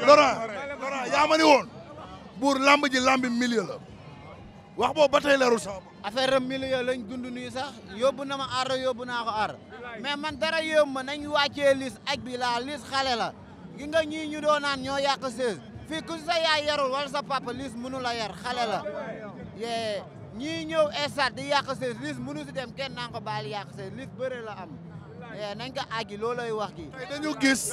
Laurent Laurent yaa buur lamb ji lambi milieu la wax boobu ba tey leerul sax affaire am milieu lañ dund nii sax yóbbu na ma aar yóbbu naa ko aar mais man dara yóbbu ma nañ wàccee lis aj lis xale la gi nga ñii ñu doon naan ñoo yàq sees fii ku sa yaay yarul wala sa papa lis mënu la yar xale la yee ñii ñëw estat di yàq sees lis mënu si dem kenn naan ko baal yàq lis bëre la am yee nañ ko aji loolooy wax gi dañu gis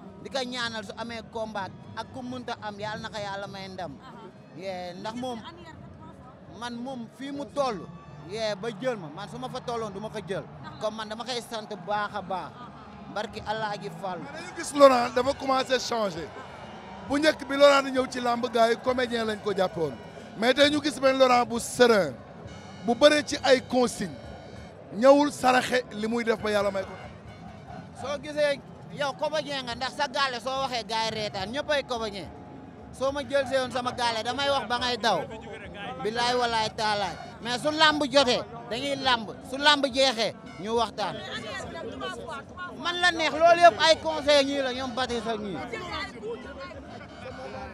di ko ñaanal su amee combat ak ku mënta am yàlla na ko yàlla may ndam. Uh-huh. yee ndax moom man moom fii mu toll. yee ba jël ma man su ma fa tolloon du ma ko jël. comme man dama koy sant baax a baax. mbarki uh-huh. allah ji fàll. mais dañu gis Laurent dafa commencé changé bu njëkk bi Laurent di ñëw ci làmb gars yi comédien lañ ko jàppoon mais tey ñu gis benn Laurent bu serein bu bëree ci ay consigne ñëwul saraxe li muy def ba ko. soo gisee yow comédien nga ndax sa gaale soo waxee gars yi reetaan ñëppay comédien soo ma jël see sama gaale damay wax ba ngay daw bilaay walaay taalaay mais su làmb jotee dañuy làmb su làmb jeexee ñu waxtaan man la neex lool yëpp ay conseil ñii la ñoom bati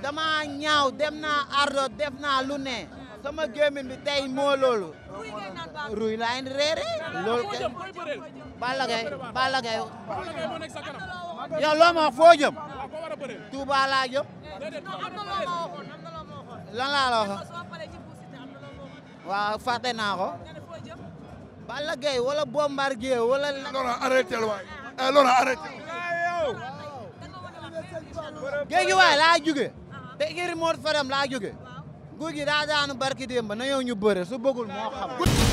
dama ñaaw dem naa ardo def naa lu ne sama gémmiñ bi tey moo loolu. ruy laa reere. loolu kenn Balla Gaye Balla Gaye. yow loo ma wax foo jëm. Touba laa jëm. lan naa ko. Balla Gaye wala Bombardier wala. Eh, Lora arrêté waay eh, Lora arrêté. te Iri Fadam laa guy gi daa daanu barki ba na yow ñu bëre su bëggul moo xam.